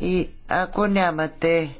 И ако нямате